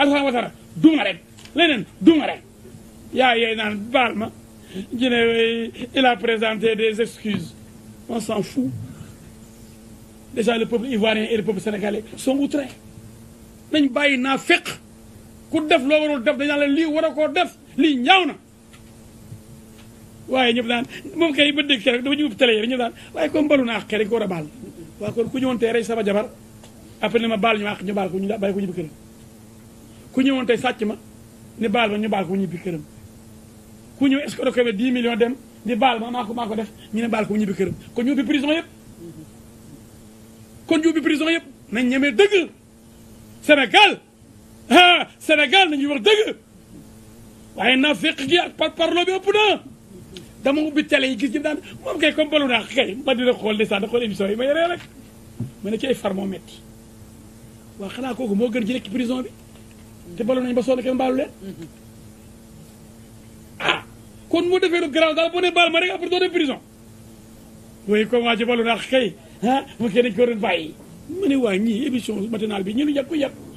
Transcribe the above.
Alassane Ouattara duma rek leneen duma rek yaa yey naan baal ma ji ne il présenté des excuses on s'en fout déjà le peuple ivoirien et le peuple sénégalais sont outrés nañ bàyyi naa féq ku def loo warul def dañ naan la lii war a koo def lii ñaaw na waaye ñëpp daan moom kay ba dégg rek dama ñu ubbi télé yi rek ñëpp daan waaye comme balu naa xëy dañ ko war a baal waaw kon ku ñëwoon tey rey sama jabar après ne ma baal ñu àq ñu baal ko ñu bàyyi ko ñu bi ku ñëwoon tey sàcc ma ni baal ma ñu baal ko ñibbi këram ku ñëw escroquer ba 10 millions dem ni baal def ñu ne baal ko ñibbi këram kon ñu ubbi prison yëpp kon ñu ubbi prison yëpp nañ ñemee dëgg Sénégal ah Sénégal nañu wax dëgg waaye naafeq gi ak par parlo bi ëpp na dama ubbi télé yi gis ñi daan moom kay comme balu naax kay ma dina xool de sax da xool émission yi ma yoree rek ma ne ci ay far moo metti waa xanaa kooku moo gën ci nekk prison bi te balu nañu ba sonn kenn baalu leen ah, kon mu defee lu garaaw daal boo ne baal ma rek après doo dem prison waaye comme waa ci balu ndax kay ah mu kenn dañ ko doon bàyyi ma ne waa ñii émission matinale bi ñu nu yàpp ko yàpp